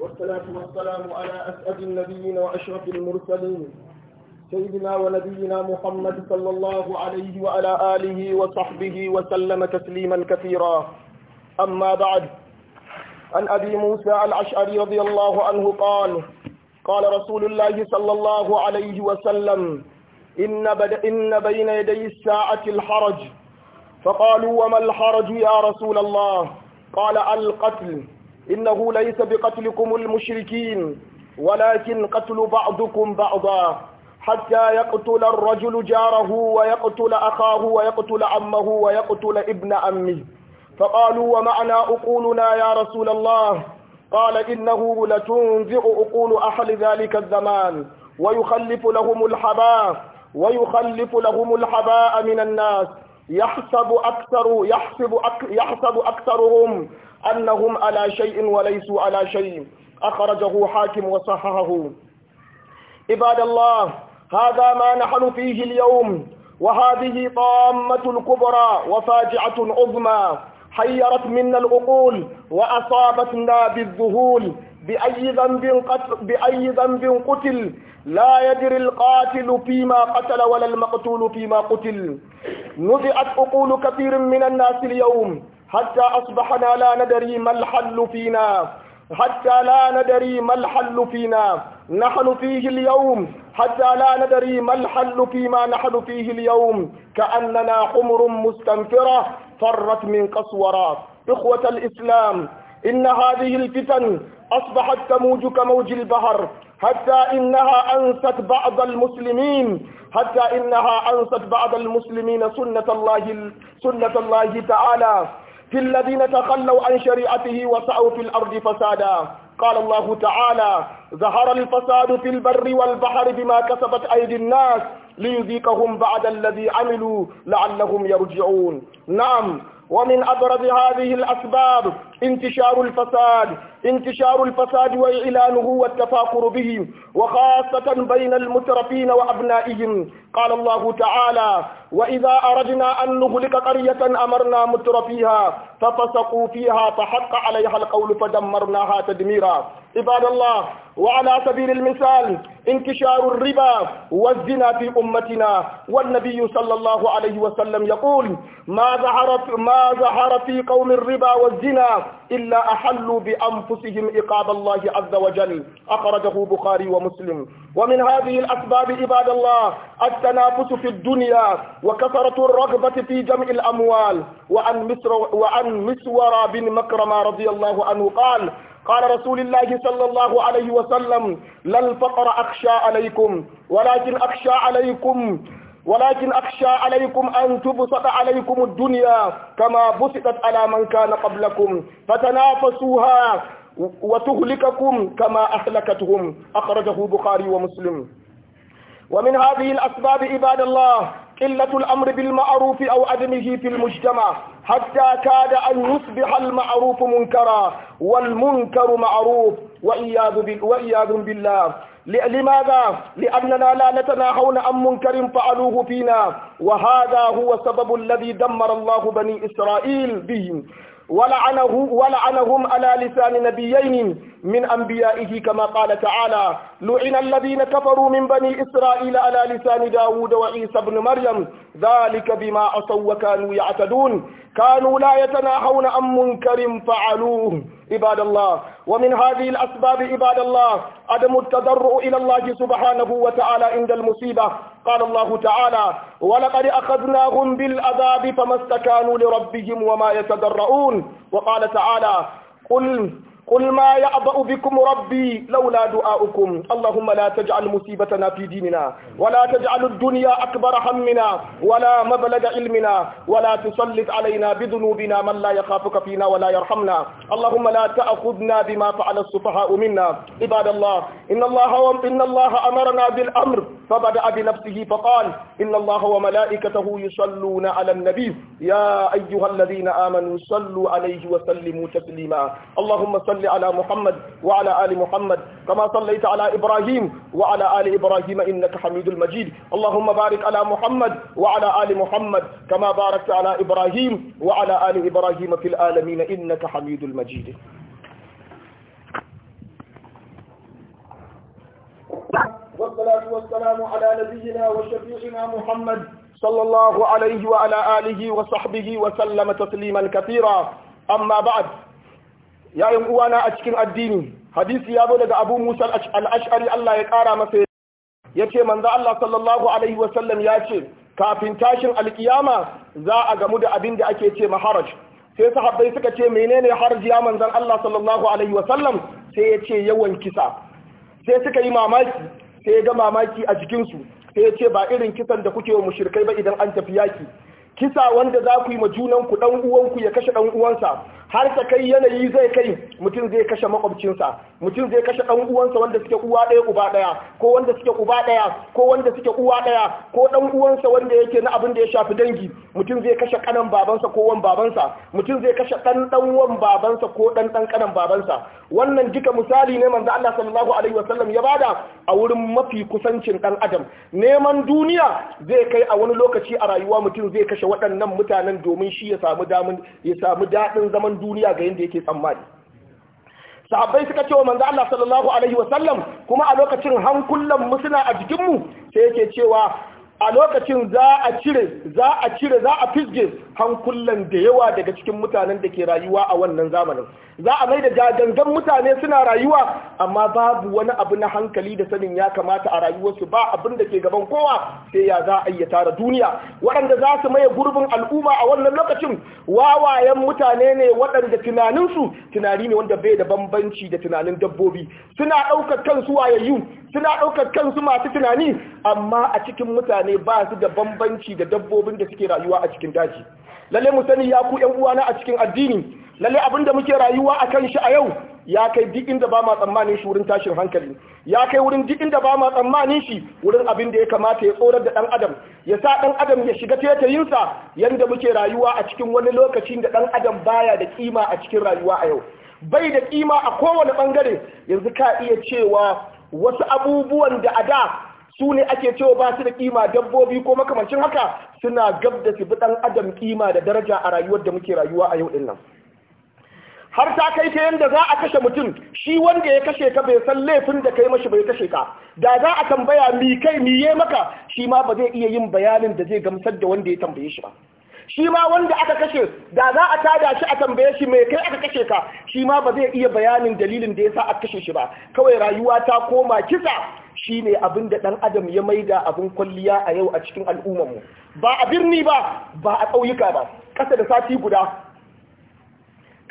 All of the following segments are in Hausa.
والصلاة والسلام على أسعد النبيين وأشرف المرسلين سيدنا ونبينا محمد صلى الله عليه وعلى آله وصحبه وسلم تسليما كثيرا أما بعد عن أبي موسى الأشعري رضي الله عنه قال قال رسول الله صلى الله عليه وسلم إن, إن بين يدي الساعة الحرج فقالوا وما الحرج يا رسول الله قال القتل إنه ليس بقتلكم المشركين ولكن قتل بعضكم بعضا حتى يقتل الرجل جاره ويقتل أخاه ويقتل عمه ويقتل ابن أمه فقالوا ومعنى أقولنا يا رسول الله قال إنه لتنزع أقول أهل ذلك الزمان ويخلف لهم الحباء ويخلف لهم الحباء من الناس يحسب أكثر يحسب أك يحسب أكثرهم أنهم على شيء وليسوا على شيء أخرجه حاكم وصححه عباد الله هذا ما نحن فيه اليوم وهذه طامة الكبرى وفاجعة عظمى حيرت منا العقول وأصابتنا بالذهول بأي ذنب قتل, بأي ذنب قتل لا يدري القاتل فيما قتل ولا المقتول فيما قتل نزعت عقول كثير من الناس اليوم حتى أصبحنا لا ندري ما الحل فينا حتى لا ندري ما الحل فينا نحن فيه اليوم حتى لا ندري ما الحل فيما نحن فيه اليوم كأننا حمر مستنفرة فرت من قسورة إخوة الإسلام إن هذه الفتن أصبحت تموج كموج البحر حتى إنها أنست بعض المسلمين حتى إنها أنست بعض المسلمين سنة الله سنة الله تعالى في الذين تخلوا عن شريعته وسعوا في الأرض فسادا قال الله تعالى ظهر الفساد في البر والبحر بما كسبت أيدي الناس ليذيقهم بعد الذي عملوا لعلهم يرجعون نعم ومن أبرز هذه الأسباب انتشار الفساد انتشار الفساد وإعلانه والتفاخر به وخاصة بين المترفين وأبنائهم قال الله تعالى وإذا أردنا أن نغلق قرية أمرنا مترفيها ففسقوا فيها فحق عليها القول فدمرناها تدميرا عباد الله وعلى سبيل المثال انتشار الربا والزنا في أمتنا والنبي صلى الله عليه وسلم يقول ما ظهر ما ظهر في قوم الربا والزنا إلا أحلوا بأنفسهم إقاب الله عز وجل أخرجه بخاري ومسلم ومن هذه الأسباب عباد الله التنافس في الدنيا وكثرة الرغبة في جمع الأموال وعن مصر وعن مسور بن مكرمة رضي الله عنه قال قال رسول الله صلى الله عليه وسلم لا الفقر أخشى عليكم ولكن أخشى عليكم ولكن أخشى عليكم أن تبسط عليكم الدنيا كما بسطت على من كان قبلكم فتنافسوها وتهلككم كما أهلكتهم أخرجه البخاري ومسلم ومن هذه الأسباب عباد الله قلة الأمر بالمعروف أو عدمه في المجتمع حتى كاد أن يصبح المعروف منكرا والمنكر معروف وإياذ بالله لماذا؟ لأننا لا نتناهون عن منكر فعلوه فينا وهذا هو سبب الذي دمر الله بني إسرائيل به ولعنه ولعنهم على لسان نبيين من أنبيائه كما قال تعالى لعن الذين كفروا من بني إسرائيل على لسان داود وعيسى بن مريم ذلك بما عصوا وكانوا يعتدون كانوا لا يتناهون عن منكر فعلوه عباد الله ومن هذه الأسباب عباد الله عدم التضرع إلى الله سبحانه وتعالى عند المصيبة قال الله تعالى ولقد أخذناهم بالأذاب فما استكانوا لربهم وما يتضرعون وقال تعالى قل قل ما يعبأ بكم ربي لولا دعاؤكم اللهم لا تجعل مصيبتنا في ديننا ولا تجعل الدنيا أكبر همنا ولا مبلغ علمنا ولا تسلط علينا بذنوبنا من لا يخافك فينا ولا يرحمنا اللهم لا تأخذنا بما فعل السفهاء منا عباد الله إن الله إن الله أمرنا بالأمر فبدأ بنفسه فقال إن الله وملائكته يصلون على النبي يا أيها الذين آمنوا صلوا عليه وسلموا تسليما اللهم صل على محمد وعلى آل محمد كما صليت على إبراهيم وعلى آل إبراهيم إنك حميد المجيد اللهم بارك على محمد وعلى آل محمد كما باركت على إبراهيم وعلى آل إبراهيم في العالمين إنك حميد المجيد والصلاة والسلام على نبينا وشفيعنا محمد صلى الله عليه وعلى آله وصحبه وسلم تسليما كثيرا أما بعد يا يوم وانا أشكن الدين حديث يابو لك أبو موسى الأشعري الله يقارى مسيح yace manzo Allah sallallahu alaihi wasallam yace kafin tashin alkiyama za a gamu da abin da ake ce maharaj sai sahabbai suka ce menene harji ya manzon Allah sallallahu alaihi wasallam sai yace yawan kisa sai suka yi mamaki sai ya ga mamaki a jikinsu sai ya ce ba irin kisan da kuke wa mashirkai ba idan an tafi yaki kisa wanda za ku yi ma junanku ɗan uwanku ya kashe ɗan uwansa har ta kai yanayi zai kai mutum zai kashe makwabcinsa mutum zai kashe ɗan uwansa wanda suke uwa ɗaya uba ɗaya ko wanda suke uba ɗaya ko wanda suke uwa ɗaya ko ɗan uwansa wanda yake na abin da ya shafi dangi mutum zai kashe kanan babansa ko wan babansa mutum zai kashe ɗan ɗan wan babansa ko ɗan ɗan kanan babansa wannan duka misali ne manzo Allah sallallahu alaihi wasallam ya bada a wurin mafi kusancin ɗan adam neman duniya zai kai a wani lokaci a rayuwa mutum zai kashe waɗannan mutanen domin shi ya samu damin ya samu dadin zaman duniya ga yadda yake tsammani sahabbai suka ce wa manzo Allah sallallahu alaihi wasallam kuma a lokacin hankulan musuna a jikinmu sai yake cewa a lokacin za a cire za a cire za a fisge hankulan da yawa daga cikin mutanen da ke rayuwa a wannan zamanin za a mai da jagangan mutane suna rayuwa amma babu wani abu na hankali da sanin ya kamata a rayuwarsu ba abin da ke gaban kowa sai ya za a iya tara duniya waɗanda za su maye gurbin al'umma a wannan lokacin wawayen mutane ne waɗanda tunaninsu tunani ne wanda bai da bambanci da tunanin dabbobi suna ɗaukar kansu wayayyu suna ɗaukar kansu masu tunani amma a cikin mutane mutane ba su da bambanci da dabbobin da suke rayuwa a cikin daji lalle mu sani ya ku yan uwana a cikin addini lalle abin da muke rayuwa a kan shi a yau ya kai duk inda ba ma tsammanin shi wurin tashin hankali ya kai wurin duk inda ba ma tsammanin shi wurin abin da ya kamata ya tsorar da dan adam ya sa ɗan adam ya shiga tetayinsa yanda muke rayuwa a cikin wani lokaci da ɗan adam baya da kima a cikin rayuwa a yau bai da kima a kowane bangare yanzu ka iya cewa wasu abubuwan da a da su ne ake cewa ba su da kima dabbobi ko makamancin haka suna gab da su adam kima da daraja a rayuwar da muke rayuwa a yau din har ta kai ta yanda za a kashe mutum shi wanda ya kashe ka bai san laifin da kai mashi bai kashe ka da za a tambaya mi kai mi maka shi ma ba zai iya yin bayanin da zai gamsar da wanda ya tambaye shi ba shi ma wanda aka kashe da za a tada shi a tambaye shi mai kai aka kashe ka shi ma ba zai iya bayanin dalilin da ya sa aka kashe shi ba kawai rayuwa ta koma kisa shine abin da ɗan adam ya maida abin kwalliya a yau a cikin al'ummar mu ba a birni ba ba a ƙauyuka ba ƙasa da sati guda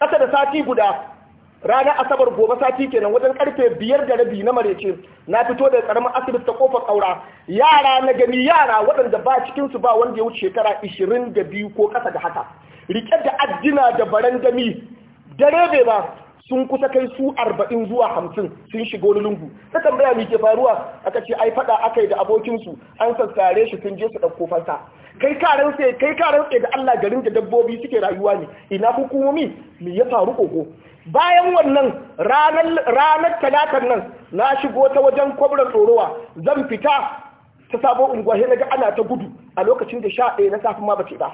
ƙasa da sati guda ranar asabar gobe sati kenan wajen karfe biyar da rabi na marece na fito da karamin asibiti ta kofar kaura yara na gani yara waɗanda ba cikinsu ba wanda ya wuce shekara ishirin da biyu ko ƙasa da haka rike da addina da baran dami dare bai ba sun kusa kai su arba'in zuwa hamsin sun shiga wani lungu ta tambaya mai ke faruwa aka ce ai faɗa aka yi da abokinsu an sassare shi sun je su ɗauko fansa kai karan sai kai karan sai da Allah garin da dabbobi suke rayuwa ne ina hukumomi me ya faru koko bayan wannan ranar talatar nan na shigo ta wajen kwabra tsorowa zan fita ta sabo unguwa na ga ana ta gudu a lokacin da sha ɗaya na safin ma ba ce ba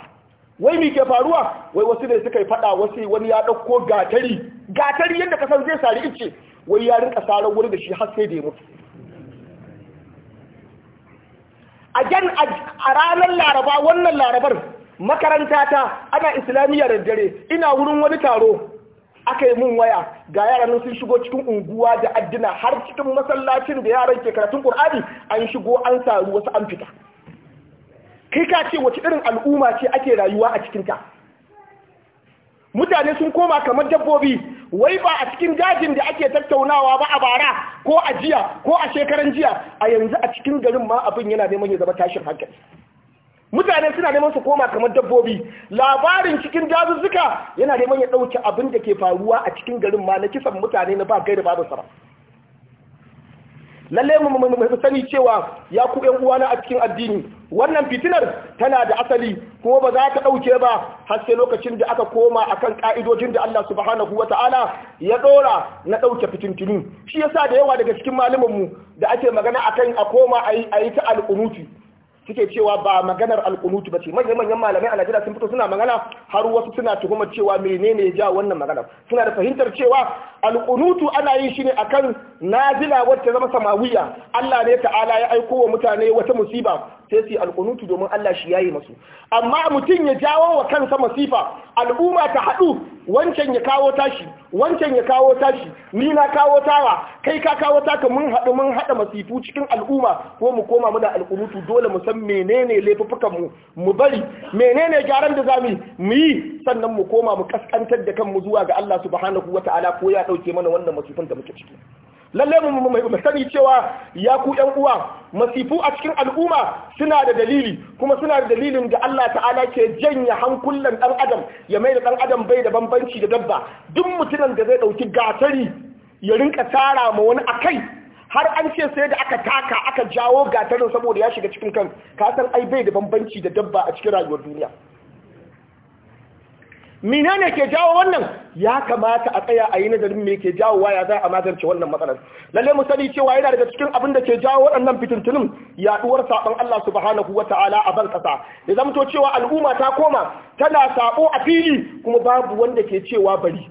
wai mi ke faruwa wai wasu ne suka yi faɗa wasu wani ya ɗauko gatari gatari yadda kasan zai sari ice wai ya rinka sarar wuri da shi har sai da ya mutu gan a ranar laraba wannan larabar makarantata ana islamiyya da dare ina wurin wani taro aka yi mun waya ga yaran nan sun shigo cikin unguwa da addina har cikin masallacin da yaran ke karatun Qur'ani an shigo an saru wasu an fita kai ka ce wace irin al'umma ce ake rayuwa a cikin ta mutane sun koma kamar dabbobi wai ba a cikin dajin da ake tattaunawa ba a bara ko a jiya ko a shekaran jiya a yanzu a cikin garin ma abin yana neman ya zama tashin hankali mutane suna neman su koma kamar dabbobi labarin cikin dazuzzuka yana neman ya ɗauke abin da ke faruwa a cikin garin ma na kisan mutane na ba gai da babu sara lalle mu sani cewa ya ku uwa uwana a cikin addini wannan fitinar tana da asali kuma ba za ta ɗauke ba har sai lokacin da aka koma akan ka'idojin da Allah subhanahu wata'ala ya ɗora na ɗauke fitintini shi yasa da yawa daga cikin malamanmu da ake magana akan a koma a yi ta al'unuti suke cewa ba maganar alkunutu ba ce manyan manyan malamai a Najeriya sun fito suna magana har wasu suna tuhumar cewa menene ya ja wannan magana suna da fahimtar cewa alkunutu ana yin shi ne akan nazila wacce zama samawiya Allah ne ta'ala ya aiko wa mutane wata musiba sai su alkunutu domin Allah shi yayi masu amma mutum ya jawo wa kansa masifa al'umma ta haɗu wancan ya kawo tashi wancan ya kawo tashi ni na kawo tawa kai ka kawo taka mun haɗu mun haɗa masifu cikin al'umma ko mu koma muna alkunutu dole mu san menene laifuffukan mu mu bari menene gyaran da zamu mu yi sannan mu koma mu kaskantar da kanmu zuwa ga Allah subhanahu wataala ko ya dauke mana wannan masifin da muke ciki lalle mu mu sani cewa ya ku ɗan uwa masifu a cikin al'umma suna da dalili kuma suna da dalilin da Allah ta'ala ke janya hankulan ɗan adam ya mai da ɗan adam bai da bambanci da dabba duk mutumin da zai ɗauki gatari ya rinka tara ma wani akai har an ce sai da aka taka aka jawo gatarin saboda ya shiga cikin kan ka san ai bai da bambanci da dabba a cikin rayuwar duniya menene ke jawo wannan ya kamata a tsaya a yi nazarin me ke jawo waya za a magance wannan matsalar lalle mu sani cewa yana daga cikin abin da ke jawo waɗannan fitintunin yaɗuwar sabon Allah subhanahu wata'ala a ban kasa ya zamto cewa al'umma ta koma tana sabo a fili kuma babu wanda ke cewa bari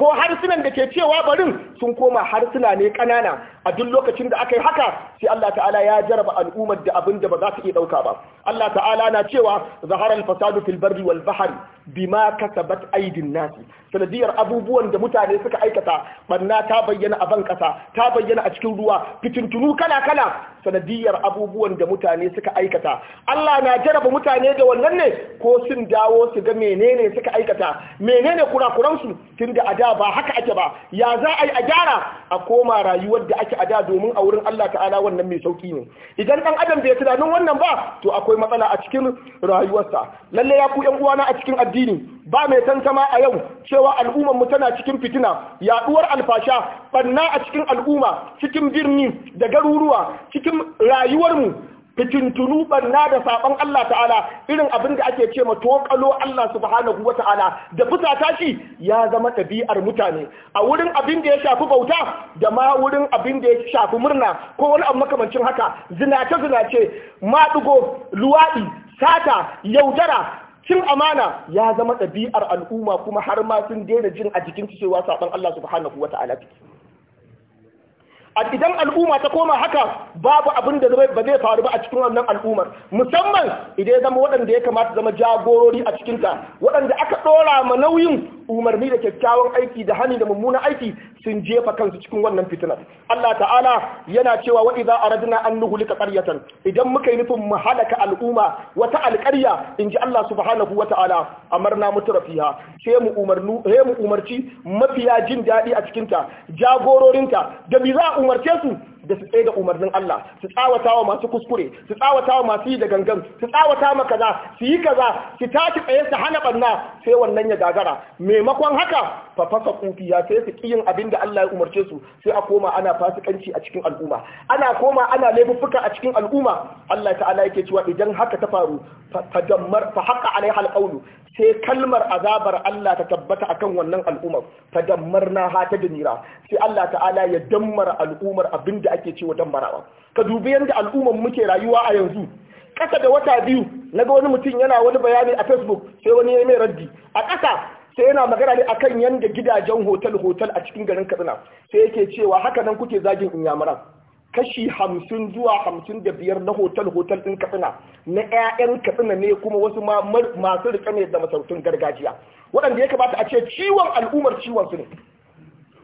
ko harsunan da ke cewa barin sun koma harsuna ne ƙanana. a duk lokacin da aka yi haka sai Allah ta'ala ya jaraba al'ummar da abin da ba za su iya ɗauka ba Allah ta'ala na cewa zahara al-fasadu fil barri wal bahri bima kasabat aydin nasi sanadiyar abubuwan da mutane suka aikata banna ta bayyana a ban kasa ta bayyana a cikin ruwa fitintunu kala kala sanadiyar abubuwan da mutane suka aikata Allah na jaraba mutane da wannan ne ko sun dawo su ga menene suka aikata menene kurakuransu tunda a da ba haka ake ba ya za a yi a gyara a koma rayuwar da ake ake a da domin a wurin Allah ta'ala wannan mai sauki ne idan dan adam bai tunanin wannan ba to akwai matsala a cikin rayuwarsa lalle ya ku yan uwana a cikin addini ba mai tantama a yau cewa al'ummar mu tana cikin fitina yaduwar alfasha banna a cikin al'umma cikin birni da garuruwa cikin rayuwar mu fitintunu banna da saban Allah ta'ala irin abin da ake ce ma tokalo Allah subhanahu wa ta'ala da fusata shi ya zama ɗabi'ar mutane a wurin abin da ya shafi bauta da ma wurin abin da ya shafi murna ko wani abu makamancin haka zinace zinace maɗigo luwaɗi sata yaudara cin amana ya zama ɗabi'ar al'umma kuma har ma sun daina jin a jikin cewa saban Allah subhanahu wa ta'ala a idan al'umma ta koma haka babu abin da ba zai faru ba a cikin wannan al'ummar musamman idan zama waɗanda ya kamata zama jagorori a cikinta waɗanda aka ɗora ma nauyin umarni da kyakkyawan aiki da hani da mummunan aiki sun jefa kansu cikin wannan fitinar Allah ta'ala yana cewa wa idza aradna an nuhlika qaryatan idan muka yi nufin mu halaka al'umma wata alƙarya inji Allah subhanahu wa ta'ala amarna mutrafiha sai mu umarnu mu umarci mafiya jin daɗi a cikin ta jagororinta da bi za umarce su da su tsaye da umarnin Allah su tsawata wa masu kuskure su tsawata wa masu yi da gangan su tsawata wa kaza su yi kaza su tashi tsaye su hana ɓanna, sai wannan ya gagara maimakon haka fa fasa kufiya sai su kiyin abin da Allah ya umarce su sai a koma ana fasikanci a cikin al'umma ana koma ana laifuffuka a cikin al'umma Allah ta'ala yake cewa idan haka ta faru fa dammar fa haqa alaiha alqawlu sai kalmar azabar Allah ta tabbata akan wannan al'ummar ta na haka da nira, sai Allah ta'ala ya dammar al'ummar da ake cewa dammarawa ka dubi yadda al'ummar muke rayuwa a yanzu ƙasa da wata biyu na ga wani mutum yana wani bayani a Facebook sai wani ya mai raddi a ƙasa sai yana magana ne akan yanda gidajen hotel hotel a cikin garin Katsina sai yake cewa haka nan kuke zagin inyamuran kashi hamsin zuwa hamsin da biyar na hotel-hotel din katsina na 'ya'yan katsina ne kuma wasu masu rika ne da masarautun gargajiya waɗanda ya kamata a ce ciwon al'ummar ciwon su ne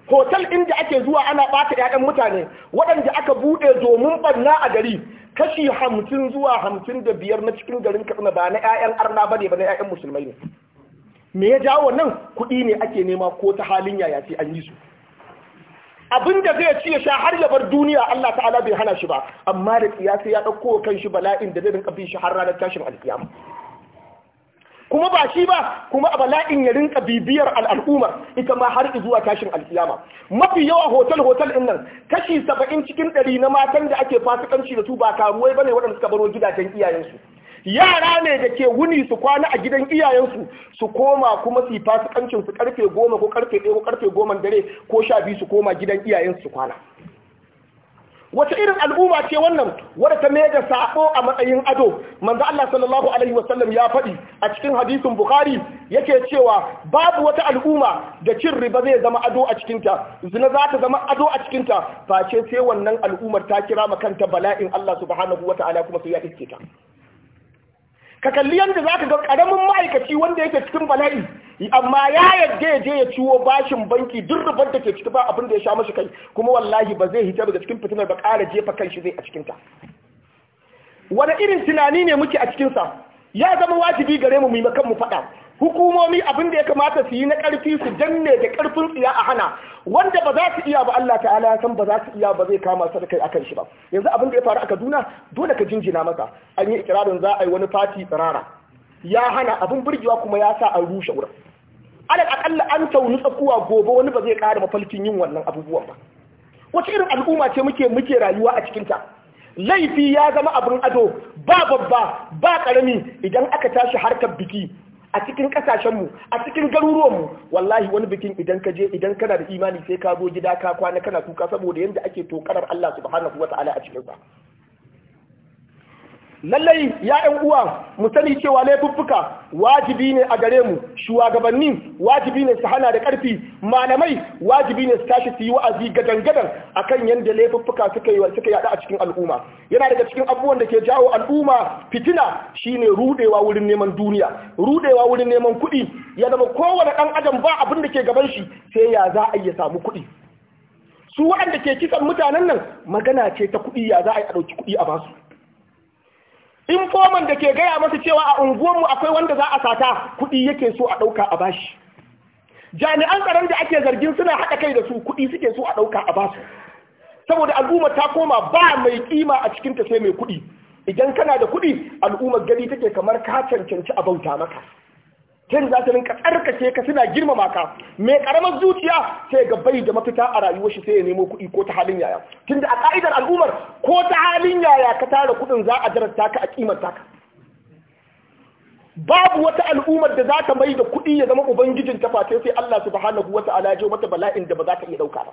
hotel inda ake zuwa ana ɓata 'ya'yan mutane waɗanda aka buɗe domin ɓanna a gari kashi hamsin zuwa hamsin da biyar na cikin garin katsina ba na 'ya'yan arna ba ne ba na 'ya'yan musulmai ne me ya jawo wannan kuɗi ne ake nema ko ta halin yaya sai an yi su abinda zai ci ya sha har ya bar duniya Allah ta'ala bai hana shi ba amma da kiyasi ya dauko kan shi bala'in da zai rinka bin shi har ranar tashin alkiyama kuma ba shi ba kuma bala'in ya rinka bibiyar al'umma ita ma har zuwa tashin alkiyama mafi yawa hotel hotel din nan kashi 70 cikin 100 na matan da ake fasikanci da su ba karuwai bane waɗanda suka baro gidajen iyayensu yara ne da ke wuni su kwana a gidan iyayensu su koma kuma su yi fasikancin su karfe goma ko karfe ɗaya ko karfe goma dare ko sha biyu su koma gidan iyayensu su kwana wace irin al'umma ce wannan wadda ta mai da sabo a matsayin ado manzo Allah sallallahu alaihi wasallam ya faɗi a cikin hadisin bukhari yake cewa babu wata al'umma da cin riba zai zama ado a cikin zina za ta zama ado a cikinta? ta face sai wannan al'ummar ta kira ma kanta bala'in Allah subhanahu wataala kuma sai ya iske ta ka kalli yadda za ka ga ƙaramin ma'aikaci wanda yake cikin bala'i amma ya yadda ya je ya ciwo bashin banki duk rubar da ke ciki ba abin da ya sha mashi kai kuma wallahi ba zai hita daga cikin fitinar ba ƙara jefa kan shi zai a cikinta wani irin tunani ne muke a cikinsa ya zama wajibi gare mu mu faɗa hukumomi abin da ya kamata su yi na ƙarfi su danne da ƙarfin tsiya a hana wanda ba za su iya ba Allah ta'ala ya san ba za su iya ba zai kama su da kai akan shi ba yanzu abin da ya faru a Kaduna dole ka jinjina masa an yi ikirarin za a yi wani fati tsirara ya hana abin burgewa kuma ya sa an rushe wurin alal akalla an tauni tsakuwa gobe wani ba zai ƙara mafalkin yin wannan abubuwan ba wace irin al'umma ce muke muke rayuwa a cikinta laifi ya zama abin ado ba babba ba ƙarami idan aka tashi harkar biki a cikin kasashenmu a cikin garuruwanmu wallahi wani bikin idan ka je idan kana da imani sai ka zo gida ka kwana kana kuka saboda yadda ake tokarar Allah subhanahu wataala a cikin sa lallai 'ya'yan uwa mu sani cewa laifuffuka wajibi ne a gare mu shugabanni wajibi ne su hana da ƙarfi malamai wajibi ne su tashi su yi wa'azi gadan a kan yadda laifuffuka suka yi suka yada a cikin al'umma yana daga cikin abubuwan da ke jawo al'umma fitina shi ne rudewa wurin neman duniya rudewa wurin neman kuɗi ya zama kowane ɗan adam ba abin da ke gaban shi sai ya za a iya samu kuɗi su waɗanda ke kisan mutanen nan magana ce ta kuɗi ya za a yi a ɗauki kuɗi a basu Infoman da ke gaya masa cewa a unguwanmu akwai wanda za a sata kuɗi yake so a ɗauka a bashi jami'an tsaron da ake zargin suna haɗa kai da su kuɗi suke so a ɗauka a basu saboda al'ummar ta koma ba mai kima a cikinta sai mai kuɗi idan kana da kuɗi al'ummar gari take kamar ka cancanci a bauta maka ta za ta rinka tsarkake ka suna girmama ka mai karamar zuciya sai ga bai da mafita a rayuwar shi sai ya nemo kuɗi ko ta halin yaya tunda a ka'idar al'ummar ko ta halin yaya ka tara kuɗin za a darasta ka a kimanta ka babu wata al'ummar da za ta mai da kuɗi ya zama ubangijin ta face sai Allah subhanahu wata'ala ya mata bala'in da ba za ta iya ɗauka ba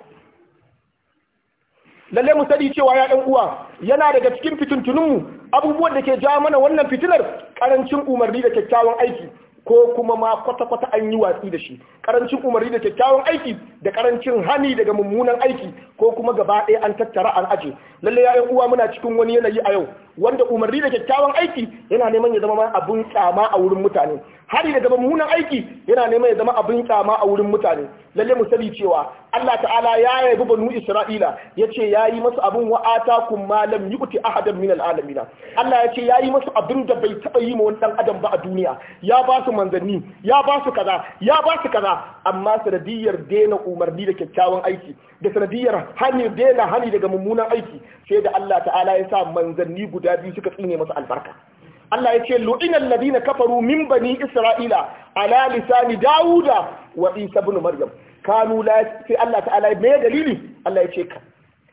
lalle mu sani cewa ya ɗan uwa yana daga cikin fitintununmu abubuwan da ke ja mana wannan fitinar karancin umarni da kyakkyawan aiki ko kuma ma kwata-kwata an yi watsi da shi ƙarancin umarni da kyakkyawan aiki da karancin hani daga mummunan aiki ko kuma gaba ɗaya an tattara an aji. lalle ya uwa muna cikin wani yanayi a yau wanda umarni da kyakkyawan aiki yana neman ya zama ma abin kyama a wurin mutane hari daga mummunan aiki yana neman ya zama abin kyama a wurin mutane lalle mu sani cewa Allah ta'ala ya yabi banu Isra'ila yace yayi masu abin wa'ata kum ma lam yu'ti ahadan min al'alamin Allah yace yayi masu abin da bai taba yi ma wani dan adam ba a duniya ya ba su manzanni ya ba su kaza ya ba su kaza amma sanadiyar daina umarni da kyakkyawan aiki da sanadiyar hani daina hani daga mummunan aiki sai da Allah ta'ala ya sa manzanni guda biyu suka tsine masa albarka Allah ya ce lu'inal ladina kafaru min bani isra'ila ala lisani dauda wa isa ibn maryam kanu la sai Allah ta'ala me dalili Allah ya ce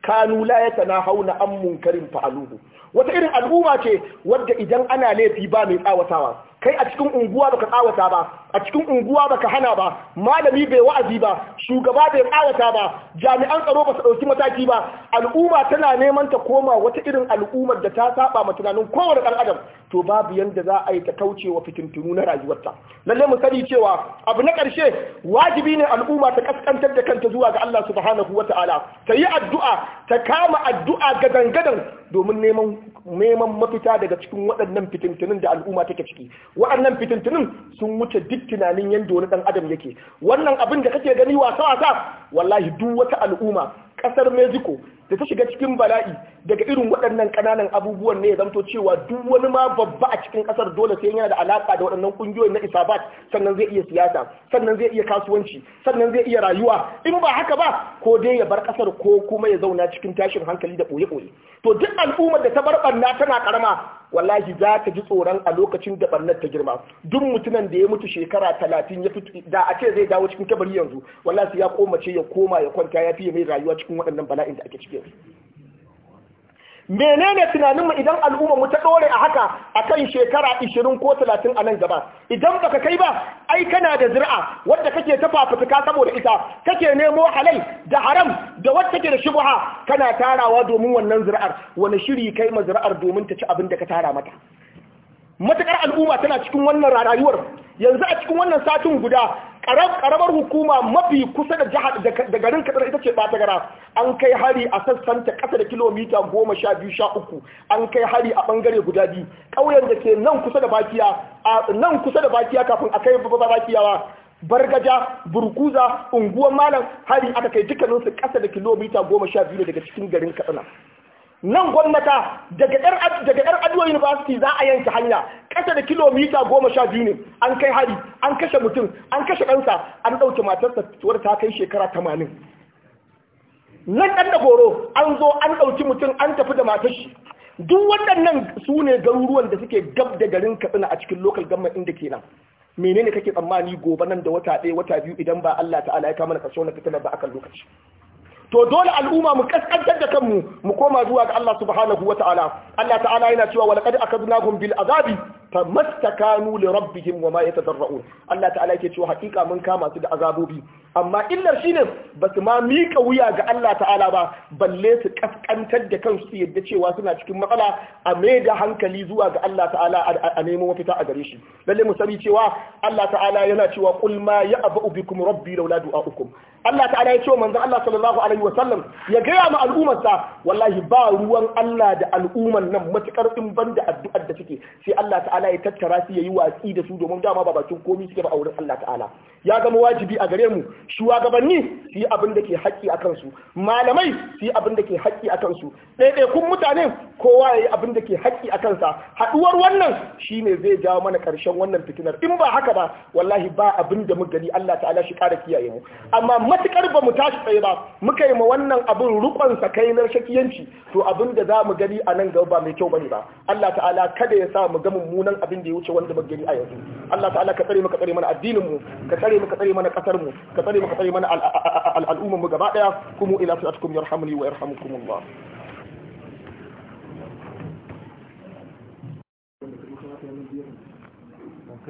kanu la yatanahawna an munkarin fa'aluhu wata irin al'umma ce wadda idan ana laifi ba mai tsawatawa kai a cikin unguwa baka tsawata ba a cikin unguwa baka hana ba malami bai wa'azi ba shugaba bai tsawata ba jami'an tsaro ba su dauki mataki ba al'umma tana neman ta koma wata irin al'ummar da ta saba ma tunanin kowane ɗan adam to babu yanda za a yi ta kauce wa fitintunu na rayuwarta lalle mu sani cewa abu na ƙarshe wajibi ne al'umma ta kaskantar da kanta zuwa ga Allah subhanahu wata'ala ta yi addu'a ta kama addu'a gadan-gadan domin neman neman mafita daga cikin waɗannan fitintunan da al'umma take ciki waɗannan fitintunan sun wuce duk tunanin yadda wani ɗan adam yake wannan abin da kake gani wasa wasa wallahi duk wata al'umma kasar mexico da ta shiga cikin bala'i daga irin waɗannan ƙananan abubuwan ne ya zamto cewa duk wani ma babba a cikin ƙasar dole sai yana da alaƙa da waɗannan ƙungiyoyin na isabat sannan zai iya siyasa sannan zai iya kasuwanci sannan zai iya rayuwa in ba haka ba ko dai ya bar ƙasar ko kuma ya zauna cikin tashin hankali da ɓoye-ɓoye to duk al'ummar da ta bar ɓanna tana ƙarama wallahi za ka ji tsoron a lokacin da ɓarnar ta girma duk mutumin da ya mutu shekara talatin ya fito da a ce zai dawo cikin kabari yanzu wallahi ya koma ce ya koma ya kwanta ya fiye mai rayuwa cikin waɗannan bala'in da ake cikin menene tunanin mu idan al'umma mu ta dore a haka akan shekara 20 ko 30 a nan gaba idan baka kai ba ai kana da zir'a wanda kake ta fafutuka saboda ita kake nemo halal da haram da wacce take da shubha kana tarawa domin wannan zira'ar. wani shiri kai ma zira'ar domin ta ci abin da ka tara mata matakar al'umma tana cikin wannan rayuwar yanzu a cikin wannan satin guda karamar hukuma mafi kusa da jihar da garin katsina ita ce gara. an kai hari a sassan ta kasa da kilomita goma sha biyu sha uku an kai hari a bangare guda biyu ƙauyen da ke nan kusa da bakiya a nan kusa da bakiya kafin a kai babba bakiyawa bargaja burkuza unguwar malam hari aka kai dukkaninsu kasa da kilomita goma sha biyu daga cikin garin katsina nan gwamnata daga yar aduwa university za a yanke hanya kasa da kilomita goma sha biyu ne an kai hari an kashe mutum an kashe ɗansa an ɗauke matarsa wadda ta kai shekara tamanin nan ɗan da goro an zo an ɗauki mutum an tafi da matar shi duk waɗannan su ne garuruwan da suke gab da garin katsina a cikin lokal government inda ke nan menene kake tsammani gobe nan da wata ɗaya wata biyu idan ba Allah ta'ala ya kama na kaso wani fitina ba akan lokaci to dole al'umma mu kaskantar da kanmu mu koma zuwa ga Allah subhanahu wata'ala Allah ta'ala yana cewa wa laqad akadnahum bil azabi famastakanu li rabbihim wa ma yatadarrun Allah ta'ala yake cewa hakika mun kama su da azabobi amma illar shine basu ma mika wuya ga Allah ta'ala ba balle su kaskantar da kansu su yadda cewa suna cikin matsala a mai da hankali zuwa ga Allah ta'ala a nemo mafita a gare shi lalle mu sani cewa Allah ta'ala yana cewa qul ma ya'budu bikum rabbi laula du'a'ukum Allah ta'ala ya ce wa manzon Allah sallallahu alaihi wasallam ya gaya ma al'ummarsa wallahi ba ruwan Allah da al'umman nan matukar in da addu'ar da suke sai Allah ta'ala ya tattara su yayi watsi da su domin dama ba bakin komai suke ba a wurin Allah ta'ala ya gama wajibi a gare mu shugabanni su yi abin da ke haƙƙi a kansu malamai su yi abin da ke haƙƙi a kansu ɗaiɗaikun mutane kowa ya yi abin da ke haƙƙi a kansa haɗuwar wannan shine zai jawo mana ƙarshen wannan fitinar in ba haka ba wallahi ba abin da mu gani Allah ta'ala shi ƙara kiyaye mu amma matukar ba mu tashi tsaye ba muka yi ma wannan abin rukon sa kai na shakiyanci to abin da za mu gani a nan gaba ba mai kyau bane ba Allah ta'ala kada ya sa mu ga mummunan abin da ya wuce wanda muka gani a yanzu Allah ta'ala ka tsare mu ka tsare mana addinin mu ka tsare mu ka tsare mana kasar mu ka tsare mu ka tsare mana al'umman mu gaba daya kuma ila salatukum yarhamuni wa yarhamukumullah